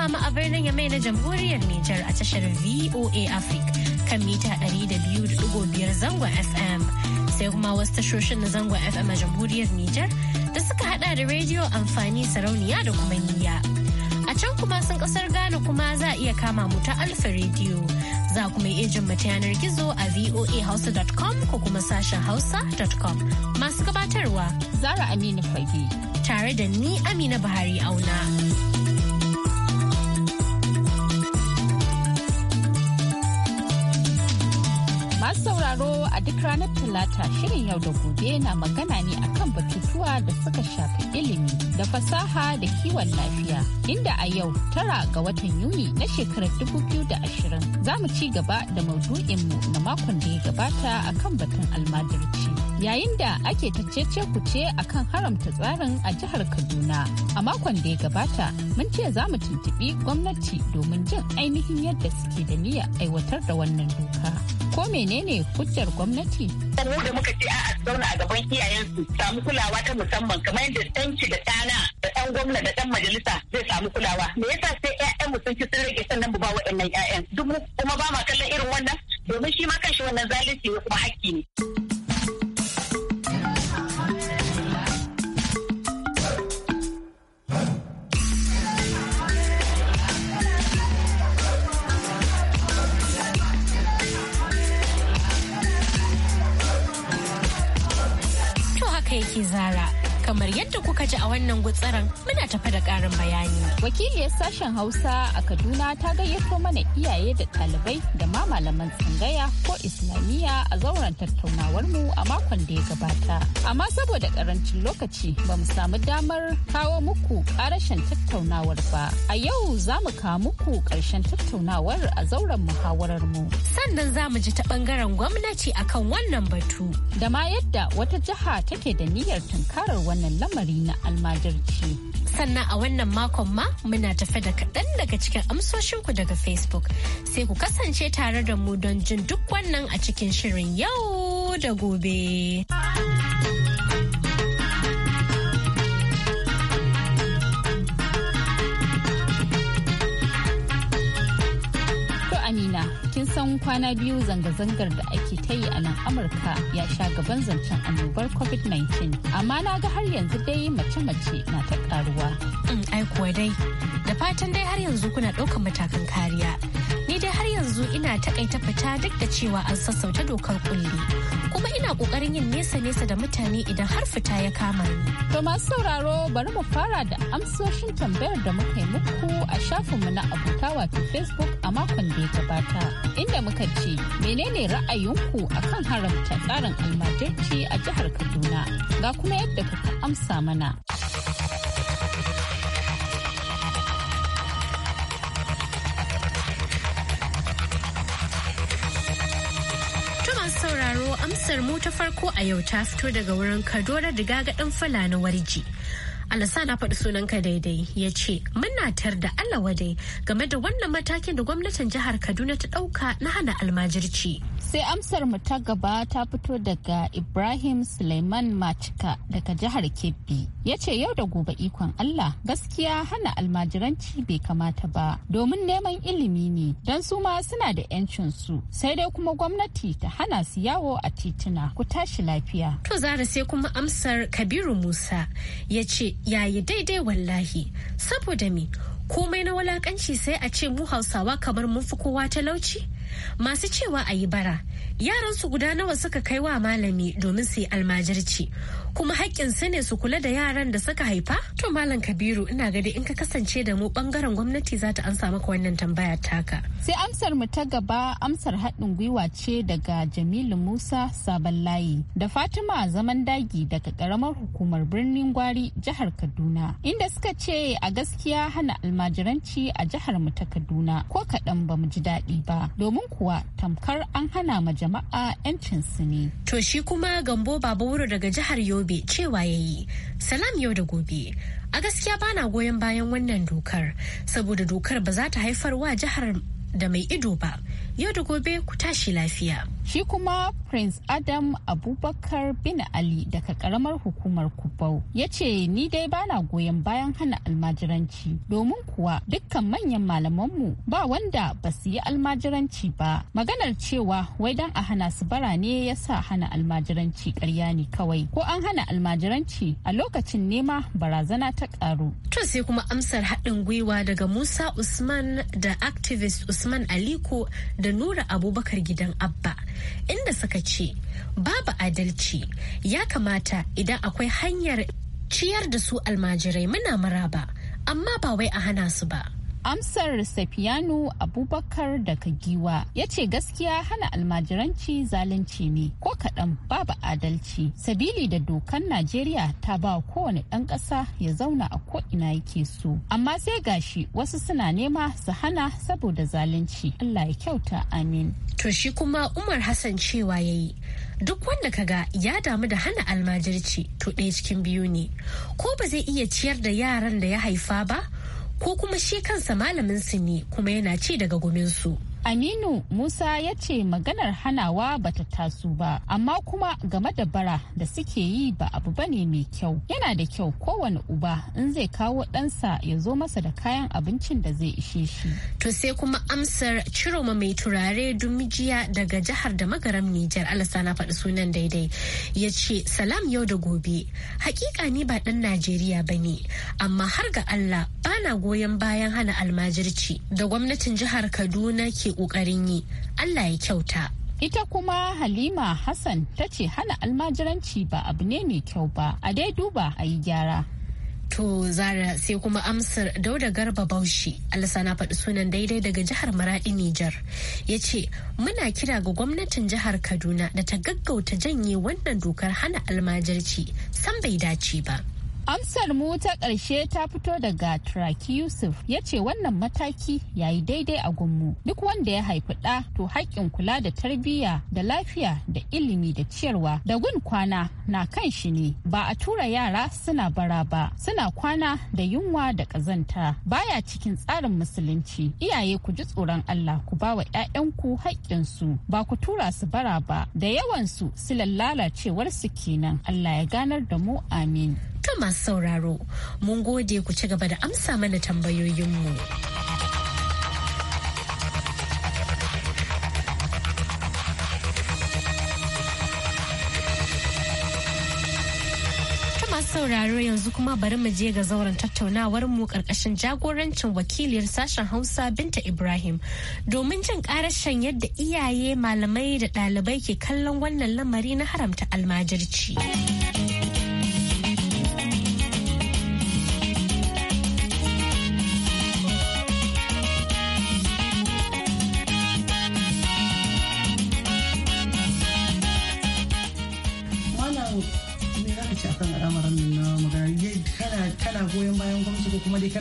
kuma mu a birnin Yamai na Jamhuriyar Nijar a tashar VOA Africa kan mita 200.5 zangon FM. Sai kuma wasu tashoshin na zangon FM a Jamhuriyar Nijar da suka hada da rediyo amfani sarauniya da kuma niyya. A can kuma sun kasar Ghana kuma za a iya kama mu ta Alfa rediyo Za kuma iya jin mu ta yanar gizo a voahausa.com ko kuma sashen hausa.com. Masu gabatarwa Zara Aminu Fage. Tare da ni Amina Buhari Auna. Masu sauraro a duk ranar Talata shirin yau da gobe na magana ne akan batutuwa da suka shafi ilimi da fasaha da kiwon lafiya. Inda a yau tara ga watan Yuni na shekarar dubu biyu 2020 za mu ci gaba da maudu'inmu na makon da ya gabata akan batun almadirci. Yayin da ake ta cece kuce akan haramta tsarin a jihar Kaduna. A makon da ya gabata mun ce za mu tuntuɓi gwamnati domin jin ainihin yadda suke da niyya aiwatar da wannan doka. ko menene hujjar gwamnati? Mu da muka ce a zauna a gaban iyayensu samu kulawa ta musamman kamar yadda ɗanci da ɗana da ɗan gwamna da ɗan majalisa zai samu kulawa. Me yasa sai ƴaƴanmu sun ci sun rage sannan ba waɗannan ƴaƴan? Duk kuma ba ma kallon irin wannan domin shi ma kanshi wannan zalunci ne kuma hakki ne. gaishe zara Kamar yadda kuka ji a wannan gutsaran muna tafa da ƙarin bayani. Wakiliyar sashen Hausa a Kaduna ta gayyato mana iyaye da ɗalibai da ma malaman tsangaya ko Islamiyya a zauren tattaunawar mu a makon da ya gabata. Amma saboda ƙarancin lokaci ba mu samu damar kawo muku ƙarashin tattaunawar ba. A yau za mu kawo muku ƙarshen tattaunawar a zauren muhawarar mu. Sannan za mu ji ta ɓangaren gwamnati akan wannan batu. Da ma yadda wata jiha take da niyyar tunkarar wani wannan lamari na almajirci. Sannan a wannan makon ma muna tafe da kaɗan daga cikin amsoshinku daga Facebook sai ku kasance tare da mu don jin duk wannan a cikin shirin yau da gobe. bayan kwana biyu zanga-zangar da ake ta yi a nan amurka ya sha gaban zancen annobar covid-19 amma na ga har yanzu dai mace-mace na ta karuwa. Mm, ai kuwa dai da fatan dai har yanzu kuna ɗaukar matakan kariya yanzu ina takaita fita duk da cewa an sassauta dokar kulle kuma ina kokarin yin nesa nesa da mutane idan har fita ya kama ni to masu sauraro bari mu fara da amsoshin tambayar da muka yi muku a shafinmu na abota wato facebook a makon da ya gabata inda muka ce menene ra'ayinku akan haramta tsarin almajirci a jihar kaduna ga kuma yadda kuka amsa mana amsar mu ta farko a yau ta fito daga wurin kadora diga gagadin fulani warji alasa na faɗi sunanka daidai ya ce muna tar da allah wadai game da wannan matakin da gwamnatin jihar kaduna ta ɗauka na hana almajirci sai amsar mu ta gaba ta fito daga ibrahim suleiman machika daga jihar kebbi ya ce yau da gobe ikon allah gaskiya hana almajiranci bai kamata ba domin neman ilimi ne don su ma suna da 'yancin su sai dai kuma gwamnati ta hana su yawo a tituna ku tashi lafiya to zara sai kuma amsar kabiru musa ya ce yayi daidai wallahi saboda me komai na walakanci sai a ce mu hausawa kamar mun fi kowa talauci masu cewa a yi bara yaran su guda nawa suka kai wa malami domin su yi almajirci kuma haƙƙin su ne su kula da yaran da suka haifa to malam kabiru ina gadi in ka kasance da mu bangaren gwamnati za ta amsa maka wannan tambaya taka sai amsar mu ta gaba amsar haɗin gwiwa ce daga jamilu musa sabon layi da fatima zaman dagi daga karamar hukumar birnin gwari jihar kaduna inda suka ce a gaskiya hana almajiranci a jihar mu ta kaduna ko kaɗan ba mu ji daɗi ba domin kuwa tamkar an hana ma jama'a su ne. To shi kuma gambo baba daga jihar Yobe cewa ya yi, salam yau da gobe. A gaskiya ba na goyon bayan wannan dokar, saboda dokar ba za ta haifar wa jihar da mai ido ba Yau da gobe ku tashi lafiya. Shi kuma Prince Adam Abubakar bin Ali daga karamar hukumar Kubau ya ce ni dai bana goyon bayan hana almajiranci domin kuwa dukkan manyan malamanmu ba wanda ba su yi almajiranci ba. Maganar cewa wai dan a hana su bara ne ya sa hana almajiranci karya ne kawai ko an hana almajiranci a lokacin nema barazana ta karu. To sai kuma amsar haɗin gwiwa daga Musa Usman da activist Usman Aliko da da Nura Abubakar gidan Abba inda suka ce babu adalci ya kamata idan akwai hanyar ciyar da su almajirai muna maraba amma ba wai a hana su ba. Amsar Safiyanu Abubakar daga Giwa ya ce gaskiya hana almajiranci zalunci ne ko kaɗan babu adalci. Sabili da dokan Najeriya ta ba kowane ɗan ƙasa ya zauna a ko'ina yake so. Amma sai gashi wasu suna nema su hana saboda zalunci. Allah ya kyauta amin. To shi kuma Umar Hassan cewa ya yi. Duk wanda ka ga ya damu da hana almajirci to ɗaya cikin biyu ne. Ko ba zai iya ciyar da yaran da ya haifa ba? ko kuma shi kansa malamin su ne kuma yana ci daga guminsu. Aminu Musa ya ce maganar hanawa ba ta taso ba, amma kuma game da bara da suke yi ba abu ba ne mai kyau. Yana da kyau kowane uba in zai kawo ɗansa ya zo masa da kayan abincin da zai ishe shi. To sai kuma amsar Ciroma mai turare Dumijiya daga jihar da magaram Nijar Alasa na faɗi sunan daidai. Ya ce salam yau da gobe. Hakika ni ba ɗan Najeriya ba ne, amma har ga Allah bana goyon bayan hana almajirci da gwamnatin jihar Kaduna ke ake ƙoƙarin yi allah ya kyauta ita kuma halima hassan ta ce hana almajiranci ba abu ne mai kyau ba a dai duba a yi gyara To Zara sai kuma amsar Dauda Garba baushi alsana faɗi sunan daidai daga jihar Maradi Nijar ya ce muna kira ga gwamnatin jihar Kaduna da ta gaggauta janye wannan dokar hana almajirci san bai dace ba. Amsar mu ta ƙarshe ta fito daga Traki Yusuf ya ce wannan mataki ya yi daidai a gunmu. Duk wanda ya haifi ɗa to haƙƙin kula da tarbiyya da lafiya da ilimi da ciyarwa da gun kwana na kan shi ne. Ba a tura yara suna bara ba, suna kwana da yunwa da ƙazanta. Baya cikin tsarin musulunci. Iyaye ku ji tsoron Allah ku ba wa 'ya'yanku haƙƙinsu ba ku tura su bara ba. Da yawansu silan lallacewar su kenan. Allah ya ganar da mu amin. sauraro. Mun gode ku ci gaba da amsa mana tambayoyinmu. sauraro yanzu kuma bari mu je ga zauren tattaunawar mu karkashin jagorancin wakiliyar sashen Hausa Binta Ibrahim domin jin karashen yadda iyaye malamai da ɗalibai ke kallon wannan lamari na haramta almajirci.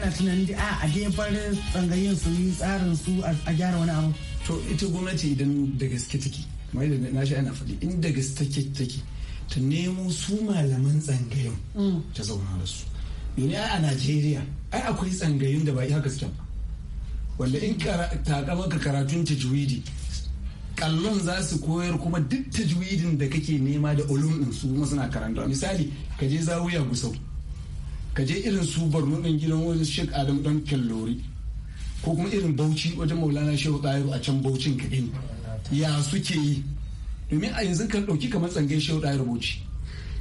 ana tunanin a a tsangayen su yi tsarin su a gyara wani abu to ita gwamnati idan da gaske take mai da na shi ana faɗi in da gaske take ta nemo su malaman tsangayin mm. ta zauna da su domin a Najeriya ai akwai tsangayin da ba iya gaske ba wanda in takama ka karatun ta juwidi, kallon za su koyar kuma duk ta tajwidin da kake nema da ulum din su kuma suna karanta misali ka je zawuya gusau ka je irin su borno ɗin gidan wani sheik adam ɗan kyallori ko kuma irin bauchi wajen maulana shehu ɗahiru a can baucin ka gani ya suke yi domin a yanzu kan ɗauki kamar tsangai shehu ɗahiru bauchi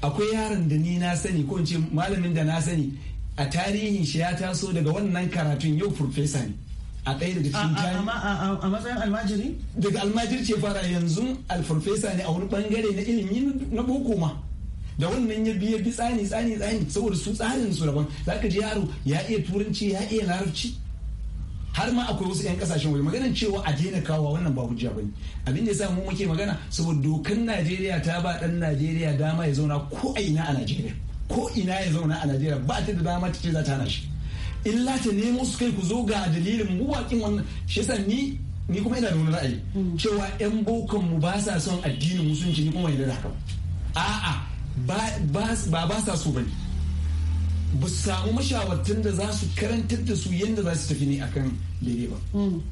akwai yaron da ni na sani ko in ce malamin da na sani a tarihin shi ya taso daga wannan karatun yau furfesa ne a ɗaya daga cikin jami a matsayin almajiri daga almajiri ce fara yanzu alfurfesa ne a wani bangare na ilimin na boko ma da wannan ya biya bi tsani tsani tsani saboda su tsarin su daban zaka ji yaro ya iya turanci ya iya larabci har ma akwai wasu 'yan kasashen waje maganar cewa a daina kawo wannan ba hujja bane abin da yasa mu muke magana saboda dokan Najeriya ta ba dan Najeriya dama ya zauna ko a ina a Najeriya ko ina ya zauna a Najeriya ba ta da dama ta ce za ta hana shi illa ta nemo su kai ku zo ga dalilin mu wakin wannan shi yasa ni ni kuma ina da wani ra'ayi hmm. cewa 'yan bokan mu ba sa son addinin musulunci ni kuma ina da a'a ba ba sa so bane ba su samu mashawartan da za su karantar da su yadda za su tafi ne akan daidai ba hmm.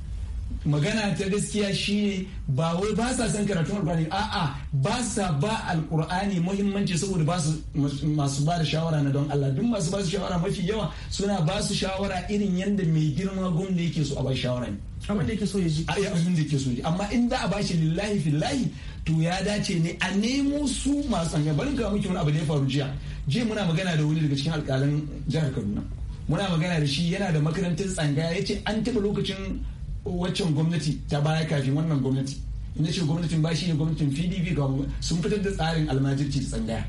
magana ta gaskiya shine ba wai ba sa son karatun alkur'ani a'a ba sa ba alkur'ani muhimmanci saboda ba su masu ba da shawara na don Allah duk masu ba su shawara mafi yawa suna ba su shawara irin yadda mai girma gwamna yake so a ba shawara ne abin da yake so ya ji abin da yake so ya ji amma in da a shi lillahi fillahi to ya dace ne a nemo su masu sanya barin kawo muke wani abu da ya faru jiya jiya muna magana da wani daga cikin alƙalan jihar kaduna muna magana da shi yana da makarantar tsangaya ya ce an taɓa lokacin waccan gwamnati ta baya kafin wannan gwamnati ina ce gwamnatin ba shi ne gwamnatin pdp sun fitar da tsarin almajirci da tsangaya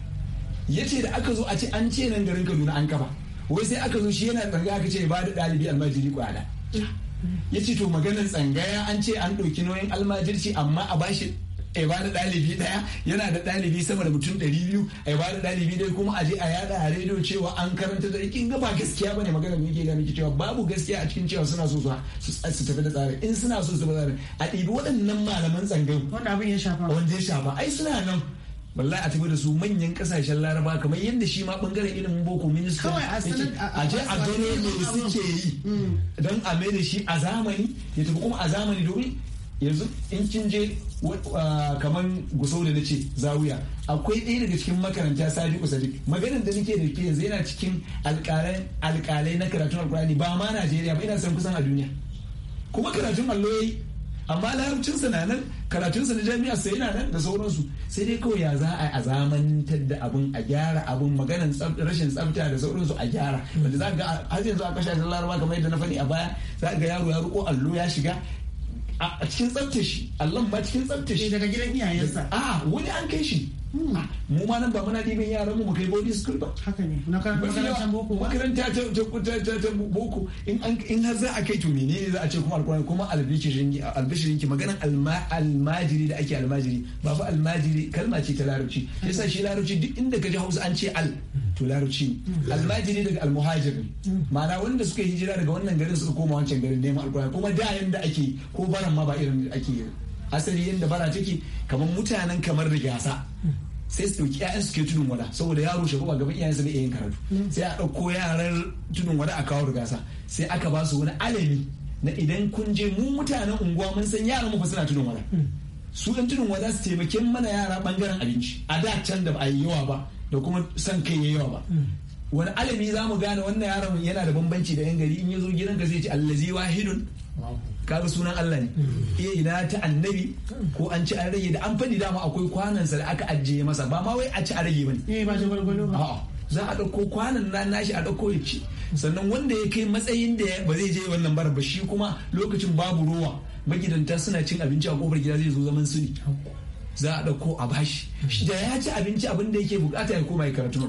ya ce da aka zo a ce an ce nan garin kaduna an kafa wai sai aka zo shi yana tsangaya aka ce ba da ɗalibi almajiri kwada ya ce to maganar tsangaya an ce an ɗauki nauyin almajirci amma a bashi a ba da ɗalibi ɗaya yana da ɗalibi sama da mutum ɗari biyu a ba da ɗalibi ɗaya kuma a je a yada a rediyo cewa an karanta da ikin ga ba gaskiya bane magana da yake gani cewa babu gaskiya a cikin cewa suna so su su tafi da tsare in suna so su tafi da a ɗibi waɗannan malaman tsangan wanda abin ya shafa wanda ya shafa ai suna nan wallahi a tafi da su manyan kasashen laraba kamar yadda shi ma bangaren ilimin boko minista a je a gano me suke yi mm. don a mai da shi a zamani ya tafi kuma a zamani domin yanzu in kin je kamar gusau da nace zawiya akwai ɗaya daga cikin makaranta sadiku usadi maganin da nake da ke yanzu yana cikin alƙalai na karatun alƙurani ba ma najeriya ba ina san kusan a duniya kuma karatun allo amma larabcinsa na nan karatunsa na jami'a sai yana nan da sauransu sai dai kawai ya za a zamantar da abin a gyara abin maganan rashin tsafta da sauransu a gyara wanda za ga har yanzu a kasashen laraba kamar yadda na faɗi a baya za ga yaro ya ruko allo ya shiga a cikin tsabtashi allon ba cikin tsabtashi eh, daga gidan iyayensa a ah, wani an kai shi mu ma nan ba muna ɗiban yaran mu kai boarding school ba haka ne na makarantar boko makaranta ta ta boko in boko in har za a kai to ne za a ce kuma alƙur'ani kuma albishirin ki maganan almajiri da ake almajiri ba fa almajiri kalma ce ta larabci yasa shi larabci duk inda ka ji Hausa an ce al to larabci mm. almajiri daga almuhajir ne mm. ma'ana wanda suka hijira daga wannan garin suka koma wancan garin neman alƙur'ani kuma da yanda ake ko baran ma ba irin ake yi. asali yadda bara take kamar mutanen kamar da gasa sai su ɗauki 'ya'yan su ke tudun wada saboda yaro shi ba gaban iyayensa bai yin karatu sai a ɗauko yaran tudun wada a kawo gasa sai aka ba su wani alami na idan kun je mu mutanen unguwa mun san yaran mu fa suna tudun wada su ɗan tudun wada su taimake mana yara bangaren abinci a da can da ba a yi yawa ba da kuma san kai ya yawa ba wani alami za mu gane wannan yaron yana da bambanci da yan gari in ya zo gidanka sai ce allazi wahidun kaga sunan Allah ne iya mm. eh, ina ta annabi ko an ci an rage da an fadi dama akwai sa da aka ajiye masa ba ma wai a ci a rage bane eh ba shi gwargwado ba za a ɗauko kwanan na nashi a ɗauko ya ci sannan wanda ya kai matsayin da ba zai je wannan bara ba shi kuma lokacin babu ruwa magidanta suna cin abinci a kofar gida zai zo zaman su ne za a ɗauko a bashi mm. da ya ci abinci abin da yake bukata ya koma ya karatu na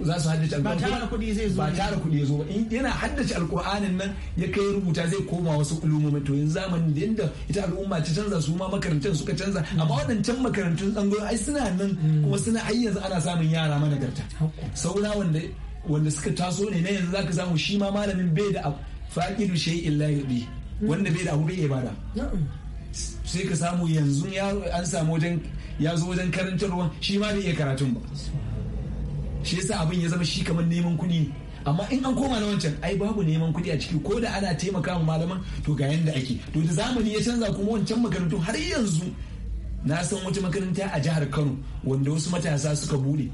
za su haddace alkur'ani ba tara kuɗi zai zo ba tara kuɗi ya zo ba yana haddace alkur'anin nan ya kai rubuta zai koma wasu ulumomin to yanzu zamanin da yanda ita al'umma ta canza su ma makarantar suka canza amma waɗancan makarantun tsangoyo ai suna nan kuma suna ai yanzu ana samun yara managarta saura wanda suka taso ne na yanzu za ka samu shi ma malamin bai da fa'idu shay'in la yubi wanda bai da abu bai ibada sai ka samu yanzu an samu wajen ya zo wajen karantarwa shi ma bai iya karatun ba shi yasa abin ya zama shi kamar neman kuɗi amma in an koma na wancan ai babu neman kuɗi a ciki ko da ana taimaka wa malaman to ga yanda ake to da zamani ya canza kuma wancan makarantun har yanzu na san wata makaranta a jihar Kano wanda wasu matasa suka bude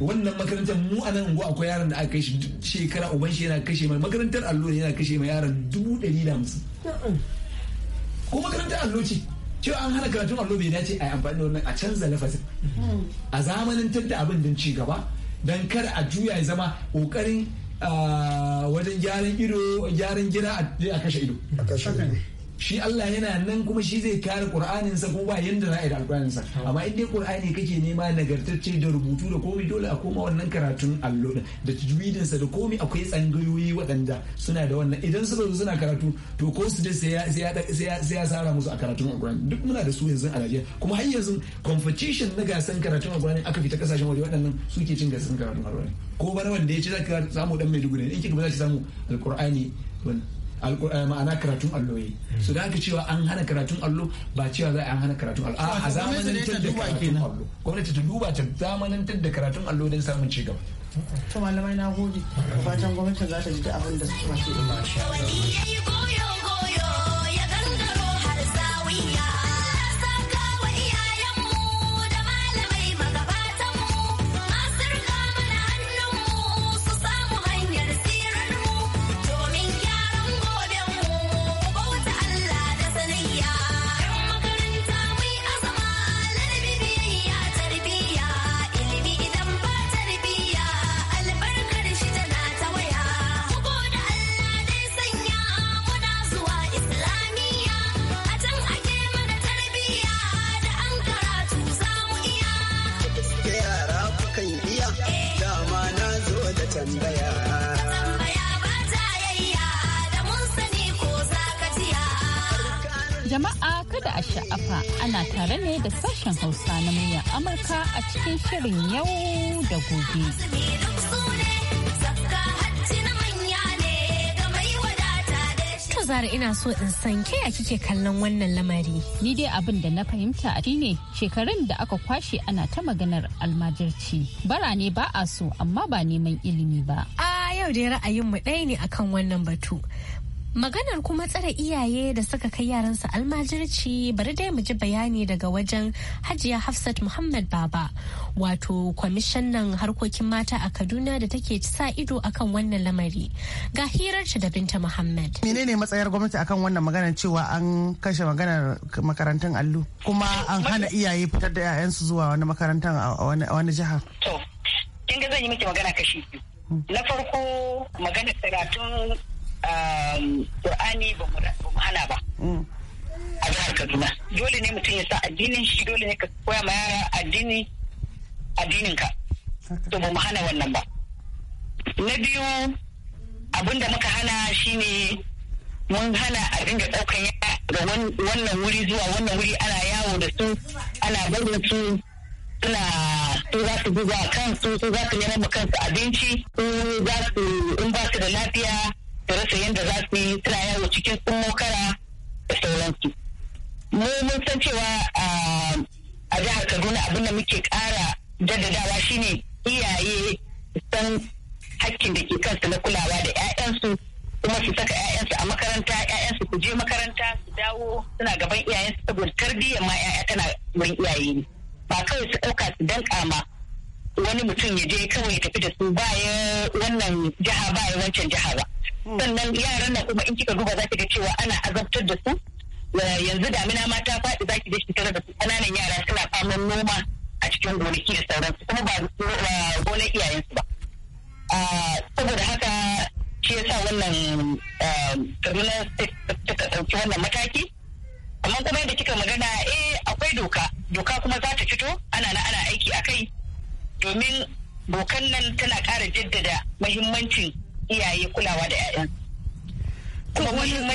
wannan makarantar mu a nan unguwa akwai yaran da aka kashe shekara uban shi yana kashe mai makarantar allo yana kashe mai yaran dubu ɗari da hamsin ko makarantar allo ce cewa an hana karatun allo bai dace a yi amfani da wannan a canza lafasin a zamanin da abin don ci gaba don kar a juya ya zama kokarin ah, wajen gyaran ido gyaran gida a kashe ido shi Allah yana nan kuma shi zai kare sa kuma ba yanda za a yi da Alƙur'aninsa amma in dai Qur'ani kake nema nagartacce da rubutu da komai dole a koma wannan karatun allo da sa da komai akwai tsangayoyi waɗanda suna da wannan idan suka zo suna karatu to ko su dai sai ya sara musu a karatun Alƙur'ani duk muna da su yanzu a Najeriya kuma har yanzu competition na gasan karatun Alƙur'ani aka fita kasashen waje waɗannan suke cin gasan karatun Alƙur'ani ko bar wanda ya ce za ka samu dan Maiduguri in kike ba za ki samu Alƙur'ani wannan Eh, ma'ana karatun allo yi su da aka cewa an hana karatun allo ba cewa za a an hana karatun allo a zamanantar da karatun allo gwamnati ta duba ta zamanantar da karatun allo don samun ci gaba to malamai na gode fatan gwamnati za ta ji da abin da suka fi cikin shirin yau da gobe. zara ina so in san ke ya kike kallon wannan lamari. Ni dai abin da na fahimta a ne shekarun da aka kwashe ana ta maganar almajirci. Bara ne ba a so amma ba neman ilimi ba. A yau dai mu ɗaya ne akan wannan batu. Maganar kuma tsare iyaye da suka kai yaransu almajirci bari dai mu ji bayani daga wajen Hajiya Hafsat Muhammad Baba wato kwamishannan harkokin mata a Kaduna da take sa ido akan wannan lamari. Ga hirarta da Binta Muhammad. Menene matsayar gwamnati akan wannan maganar cewa an kashe maganar makarantun allo kuma an hana iyaye fitar da 'ya'yansu zuwa wani makarantar a wani jiha? To, kin ga zan yi miki magana kashi biyu. Hmm. Na farko maganar karatun Um, Qur'ani ba mu hana ba. Mm. A jihar Kaduna. Dole ne mutum ya sa addinin shi dole ne ka koya ma yara addini addinin ka. To ba mu hana wannan ba. Na biyu abinda da muka hana shine mun hana a dinga ɗaukan yara ga wannan wuri zuwa wannan wuri ana yawo da su ana barin su suna su za su a kansu su za su nema kansu abinci su za su in ba su da lafiya su rasa yadda za su yi suna yawo cikin kara da sauransu mu mun san cewa a jihar kaduna abin da muke kara jaddadawa shine iyaye san hakkin da ke kansu na kulawa da 'ya'yansu kuma su saka 'ya'yansu a makaranta 'ya'yansu ku je makaranta su dawo suna gaban iyayensu saboda tarbiyyar ma 'ya'ya tana wurin iyaye ne ba kawai su ɗauka su dan ma wani mutum ya je kawai ya tafi da su ba wannan jiha ba wancan jiha ba sannan yaran na kuma in kika duba za ki ga cewa ana azabtar da su yanzu damina ma ta faɗi za ki ga shi da su ƙananan yara suna faman noma a cikin gonaki da sauransu kuma ba gonar iyayensu ba saboda haka shi yasa wannan kaduna ta ɗauki wannan mataki amma kuma yadda kika magana eh akwai doka doka kuma za ta fito ana na ana aiki a kai domin dokan nan tana ƙara jaddada mahimmancin iyaye kulawa da 'ya'yan.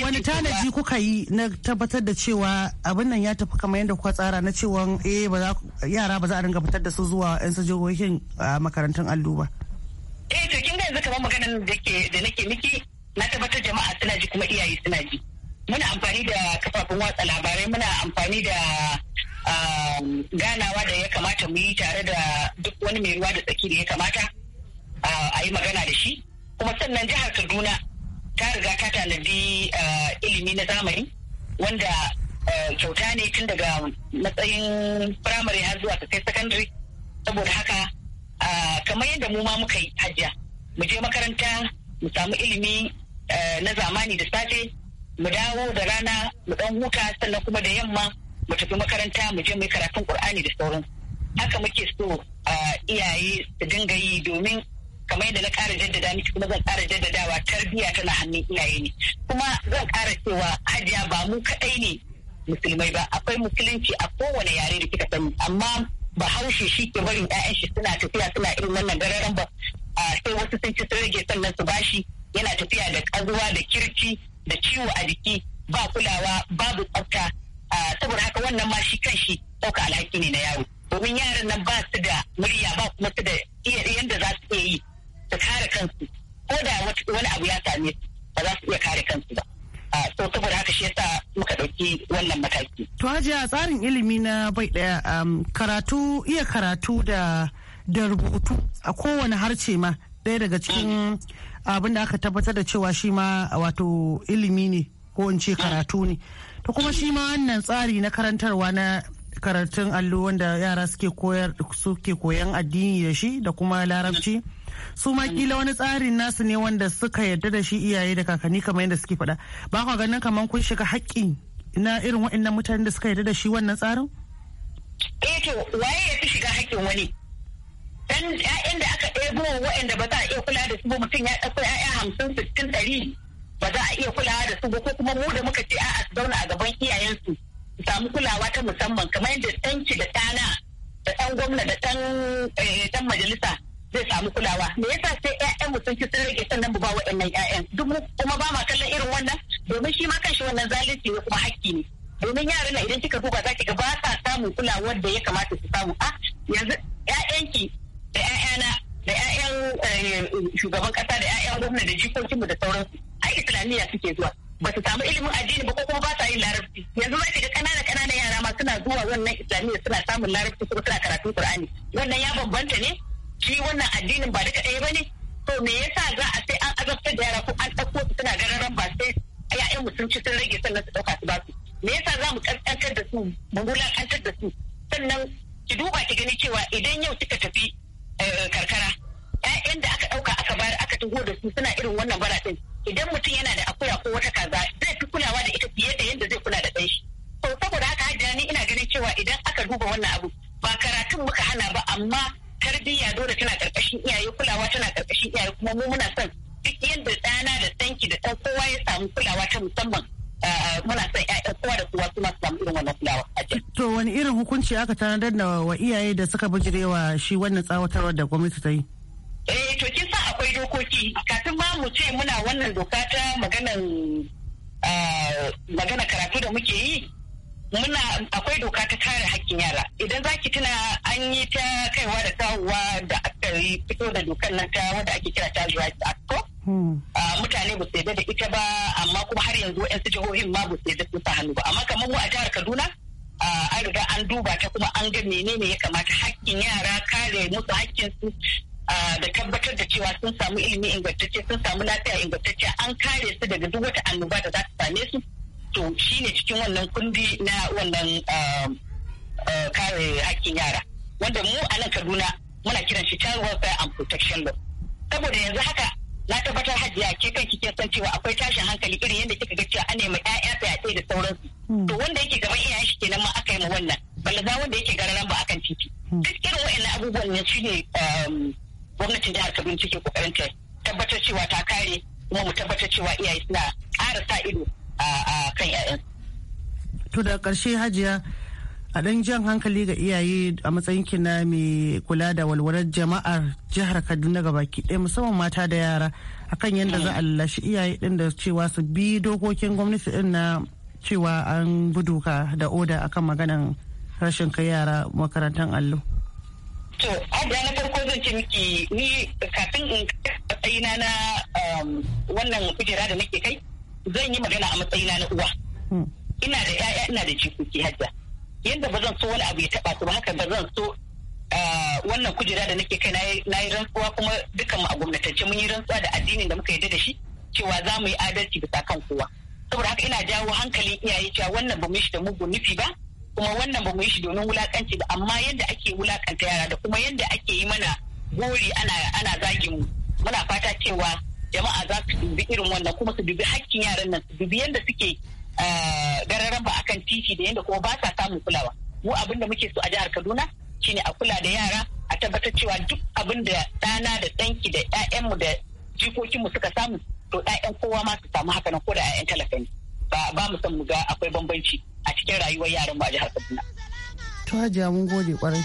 wani tanaji kuka yi na tabbatar da cewa abin nan ya tafi kamar yadda kuka tsara na cewa eh ba za yara ba za a dinga fitar da su zuwa yan sojogohin a makarantun allo ba eh to kin ga yanzu kamar maganar da ke da nake miki na tabbatar jama'a suna ji kuma iyaye suna ji muna amfani da kafafen watsa labarai muna amfani da ganawa da ya kamata mu yi tare da duk wani mai ruwa da tsaki da ya kamata a yi magana da shi kuma sannan jihar kaduna ta riga ta tanadi eh, ilimi na zamani wanda eh, kyauta ne tun daga matsayin firamare har zuwa kai secondary saboda haka eh, kamar yadda mu ma muka yi hajiya mu je makaranta mu samu ilimi na zamani da safe mu dawo da rana mu dan huta sannan kuma da yamma mu tafi makaranta mu je mu yi karatun qur'ani da sauran haka muke so iyaye su dinga yi domin kamar yadda na ƙara jaddada miki kuma zan ƙara jaddadawa tarbiyya tana hannun iyaye ne kuma zan ƙara cewa hajiya ba mu kaɗai ne musulmai ba akwai musulunci a kowane yare da kika sani amma bahaushe shi ke barin 'ya'yan shi suna tafiya suna irin wannan gararan ba sai wasu sun ci sun rage sannan su bashi yana tafiya da ƙazuwa da kirki da ciwo a jiki ba kulawa babu tsafta saboda haka wannan ma shi kan shi ɗauka alhaki ne na yaro domin yaran nan ba su da murya ba kuma su da iya yadda za su iya yi su kare kansu ko da wani abu ya same su ba za su iya kare kansu ba ah, so saboda haka shi yasa muka ɗauki wannan mataki. To hajiya tsarin ilimi na bai ɗaya karatu iya karatu da da rubutu a kowane harce ma ɗaya daga cikin abin da aka tabbatar da cewa shi ma wato ilimi ne ko in ce karatu ne to kuma shi ma wannan tsari na karantarwa na karatun allo wanda yara suke suke koyan addini da shi da kuma larabci su ma kila wani tsarin nasu ne wanda suka yarda da shi iyaye da kakanni kamar yadda suke faɗa ba kwa ganin kamar kun shiga haƙƙi na irin waɗannan mutanen da suka yarda da shi wannan tsarin? eh to waye ya fi shiga haƙƙin wani dan ƴaƴan da aka ɗebo waɗanda ba za a iya kula da su ba mutum ya ɗauko ƴaƴa hamsin sittin ɗari ba za a iya kulawa da su ba ko kuma mu da muka ce a'a su zauna a gaban iyayensu su samu kulawa ta musamman kamar yadda ɗanki da ɗana da ɗan gwamna da ɗan eh, majalisa zai samu kulawa me yasa sai ƴaƴan mu sun ci sun rage sannan mu ba waɗannan ƴaƴan duk mu kuma ba ma kallon irin wannan domin shi ma kanshi wannan zalunci ne kuma hakki ne domin yaran na idan kika duba za ki ga ba sa samun kulawar da ya kamata su samu a ah, yanzu ƴaƴanki da ƴaƴana da ƴaƴan eh, shugaban ƙasa da ƴaƴan gwamna da mu da sauransu ai islamiyya suke zuwa ba su samu ilimin addini ba ko kuma ba sa yin larabci yanzu za ki ga kanana kanana yara ma suna zuwa wannan islamiyya suna samun larabci kuma suna karatun qur'ani wannan ya bambanta ne shi wannan addinin ba duka ɗaya ne to me yasa za a sai an azabtar da yara ko an ɗauko su suna gararan ba sai ya'yan mu sun ci sun rage sannan su ɗauka su ba su me yasa za mu ƙanƙantar da su mu wulaƙantar da su sannan ki duba ki gani cewa idan yau kika tafi eh, karkara ƴaƴan da aka ɗauka aka bayar aka taho da su suna irin wannan bara ɗin idan mutum yana da akuya ko wata kaza zai fi kulawa da ita fiye da yadda zai kula da ɗan shi to saboda haka hajjani ina ganin cewa idan aka duba wannan abu ba karatun muka hana ba amma tarbiyya dole tana karkashin iyaye kulawa tana karkashin iyaye kuma mu muna son duk yadda ɗana da tanki da ɗan kowa ya samu kulawa ta musamman muna son ƴaƴan kowa da kowa suna samu irin wannan kulawa a To wani irin hukunci aka tanadar da wa iyaye da suka bijirewa shi wannan tsawatarwar da gwamnati ta yi? Eh to kin san akwai dokoki kafin ma mu ce muna wannan doka ta maganan magana karatu da muke yi muna akwai doka ta kare hakkin yara idan za ki tuna an yi ta kaiwa da kawowa da aka yi fito da dokar nan ta wanda ake kira ta zuwa ko hmm. mutane ba su da ita ba amma kuma har yanzu yan su jihohin ma ba su yadda sun sa hannu ba amma kamar mu a jihar kaduna an riga an duba ta kuma an ga menene ya kamata hakkin yara kare musu hakkin su da tabbatar da cewa sun samu ilimi ingantacce sun samu lafiya ingantacce an kare su daga duk wata annoba da za ta same su to ne cikin wannan kundi na wannan um, uh, kare hakkin yara wanda mu a nan kaduna muna kiran shi child welfare and protection law saboda yanzu haka na tabbatar hajiya ke kan kike san cewa akwai tashin hankali irin yadda kika ga cewa an nemi ƴaƴa yace da sauransu hmm. to wanda yake gaban iyayen shi kenan ma aka yi ma wannan balaza wanda yake gararan ba akan titi hmm. duk irin wa'annan abubuwan ne shine um, gwamnatin jihar Kaduna take kokarin ta tabbatar cewa ta kare kuma mu tabbatar cewa iyaye suna ƙara sa ido a kan 'ya'yan. To da karshe hajiya a ɗan jan hankali ga iyaye a matsayin na mai kula da walwalar jama'ar jihar kaduna ga baki ɗaya musamman mata da yara akan yadda za a lallashi iyaye ɗin da cewa su bi dokokin gwamnati ɗin na cewa an buduka da oda akan maganan rashin kai yara makarantar allo. to abuwa na farko zan ce miki ni kafin in matsayina na um, wannan kujera da nake kai zan yi magana a matsayina na uwa hmm. ina da ƴaƴa ina da jikoki hajja yadda ba zan so wani abu ya taɓa su ba haka ba zan so ah, wannan kujera da nake kai na yi rantsuwa kuma dukkan mu a gwamnatance mun yi rantsuwa da addinin da muka yarda da shi cewa za mu yi adalci bisa kan kowa saboda haka ina jawo hankalin iyaye cewa wannan ba mu yi shi da mugun nufi ba kuma wannan ba mu yi shi domin wulakanci ba amma yadda ake wulakanta yara da kuma yadda ake yi mana gori ana ana zagin mu muna fata cewa jama'a za su dubi irin wannan kuma su dubi hakkin yaran nan su dubi yadda suke eh, gararan ba akan titi da yadda kuma ba sa samun kulawa mu abin da muke so a jihar kaduna shine a kula da yara a tabbatar cewa duk abin da ɗana da ɗanki da 'ya'yanmu da jikokinmu suka samu to 'ya'yan kowa ma su samu haka nan ko da 'ya'yan talaka ne ba ba mu san mu ga akwai bambanci a cikin rayuwar yaran mu a jihar kaduna to hajiya mun gode kwarai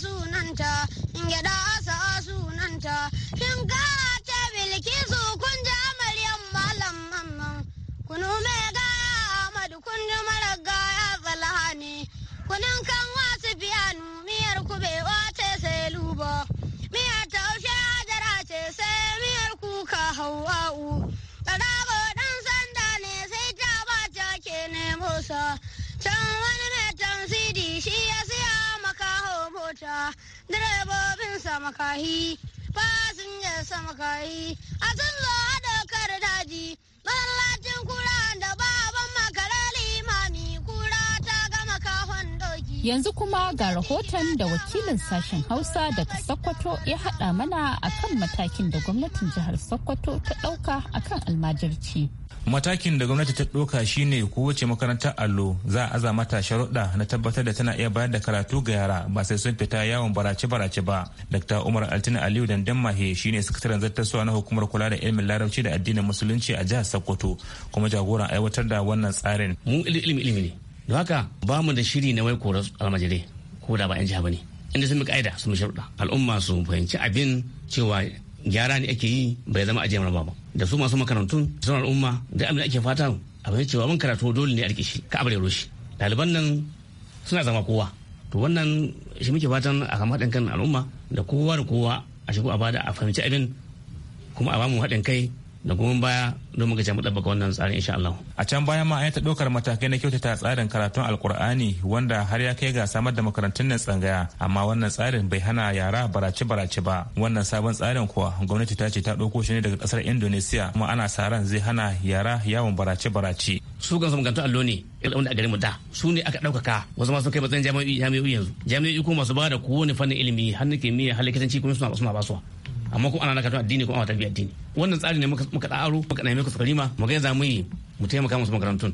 sunanta, in gyaɗa asa sunanta, makahi ya sa makahi a sun zo kar daji masallacin kura da baban makara limami kura ta gama kahon doki. Yanzu kuma ga rahoton da wakilin sashen Hausa daga Sokoto ya haɗa mana akan matakin da gwamnatin jihar Sokoto ta ɗauka akan almajirci. matakin da gwamnati ta ɗoka shine ko wace makarantar allo za a aza mata sharuɗa na tabbatar da tana iya bayar da karatu ga yara ba sai sun fita yawon barace-barace ba dr umar altina aliyu dandan mahe shine sakataren zartaswa na hukumar kula da ilimin larabci da addinin musulunci a jihar sokoto kuma jagoran aiwatar da wannan tsarin mu ilimi ilimi ne don haka ba mu da shiri na wai korar almajire ko da ba yan jiha ba ne inda sun bi ka'ida sun sharuɗa al'umma su fahimci abin cewa gyara ne ake yi bai zama ajiyar ba da su masu makarantun sauran al'umma da abin da ake fata abin cewa mun karatu dole ne a rikishi ka abare roshi ɗaliban nan suna zama kowa to wannan shi muke fatan a kama haɗin kan al'umma da kowa da kowa a shigo a bada a fahimci abin kuma a bamu haɗin kai da kuma baya don muka ce mu ɗabbaka wannan tsarin insha Allah. A can baya ma an ta ɗaukar matakai na kyautata tsarin karatun Alkur'ani wanda har ya kai ga samar da makarantun nan tsangaya amma wannan tsarin bai hana yara barace barace ba. Wannan sabon tsarin kuwa gwamnati ta ce ta ɗauko shi ne daga ƙasar indonesiya kuma ana sa ran zai hana yara yawon barace barace. Su kansu makarantun allo ne wanda a garin mu da su ne aka ɗaukaka wasu ma kai matsayin jami'o'i yanzu jami'o'i ko masu ba da kowane fannin ilimi har kimiyya har likitanci kuma suna ba su. amma kuma ana nakatun addini kuma ana tafiya addini wannan tsari ne muka muka aro muka nemi kusurima mu ga za mu yi mu taimaka musu makarantun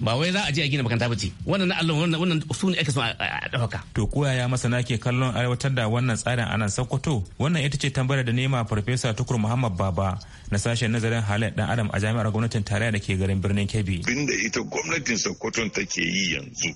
ba wai za a je a gina makaranta ba ce wannan na allon wannan su ne ake so a dauka. to koyaya masana ke kallon aiwatar da wannan tsarin anan sokoto wannan ita ce tambayar da nema farfesa tukur muhammad baba na sashen nazarin halayen dan adam a jami'ar gwamnatin tarayya da ke garin birnin kebbi. bin da ita gwamnatin sokoto take yi yanzu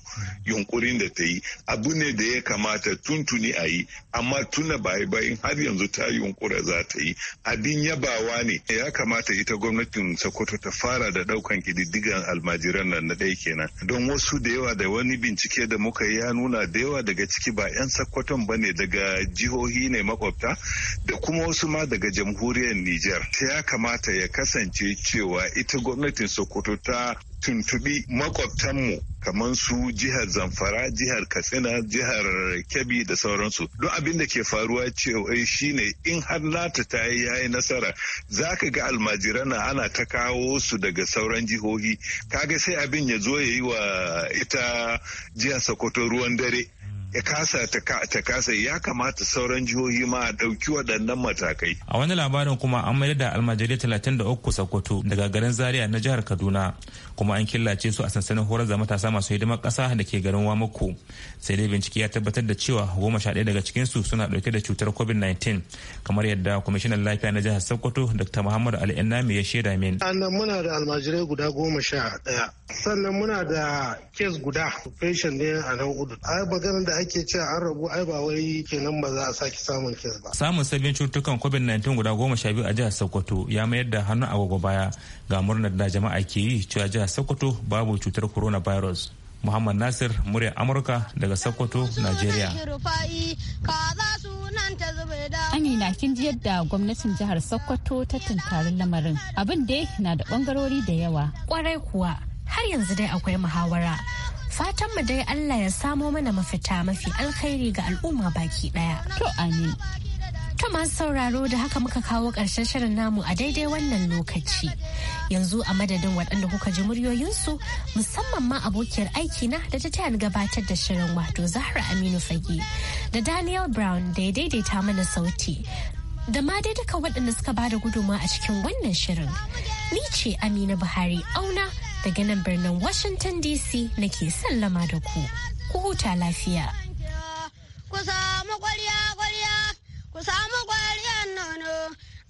yunkurin da ta yi abu ne da ya kamata tuntuni a yi amma tuna baya bayan har yanzu ta yunkura za ta yi abin yabawa ne ya kamata ita gwamnatin sokoto ta fara da ɗaukan kididdigan almajiran nan na ɗaya kenan don wasu da yawa da wani bincike da muka yi ya nuna da yawa daga ciki ba 'yan sakkwaton ba ne daga jihohi ne makwabta da kuma wasu ma daga jamhuriyar Nijar. Ta ya kamata ya kasance cewa ita gwamnatin Sokoto ta tuntubi makwabtanmu kamar su jihar zamfara jihar katsina jihar kebbi da sauransu don abin da ke faruwa cewa shine in har nata ta yi yayi nasara za ka ga almajirana ana ta kawo su daga sauran jihohi kaga sai abin ya zo ya yi wa ita jihar sokoto ruwan dare ya kasa ta kasa ya kamata sauran jihohi ma a ɗauki waɗannan matakai. A wani labarin kuma an mayar da almajirai talatin da uku Sokoto daga garin Zaria na jihar Kaduna kuma an killace su a sansanin horar da matasa masu hidimar ƙasa da ke garin Wamako. Sai dai bincike ya tabbatar da cewa goma sha ɗaya daga cikinsu suna ɗauke da cutar COVID-19 kamar yadda kwamishinan lafiya na jihar Sokoto Dr. muhammadu Ali ya shaida min. Sannan muna da almajirai guda goma sha ɗaya. Sannan muna da kes guda patient ne a nan udu. maganar da ake ce an rabu ai ba wai kenan ba za a sake samun kes ba. Samun sabbin cutukan COVID-19 guda goma sha biyu a jihar Sokoto ya mayar da hannun agogo baya ga murnar da jama'a ke yi cewa jihar Sokoto babu cutar coronavirus. Muhammad Nasir murya Amurka daga Sokoto, Najeriya. Amina kin ji yadda gwamnatin jihar Sokoto ta tunkarin lamarin. Abin dai na da bangarori da yawa. Kwarai kuwa har yanzu dai akwai muhawara Fatan mu dai Allah ya samo mana mafita mafi alkhairi ga al'umma baki daya. To amin. To masu sauraro da haka muka kawo ƙarshen shirin namu a daidai wannan lokaci. Yanzu a madadin waɗanda kuka ji muryoyinsu musamman ma abokiyar na da ta tayar gabatar da shirin wato Zahra Aminu Fage da Daniel Brown da ya daidaita mana sauti. Da ma dai duka waɗanda suka bada guduma a cikin wannan shirin. Ni ce Amina Buhari auna daga nan birnin Washington DC nake sallama da ku. Ku huta lafiya. Ku samu kwariya kwariya, ku samu kwariya nono.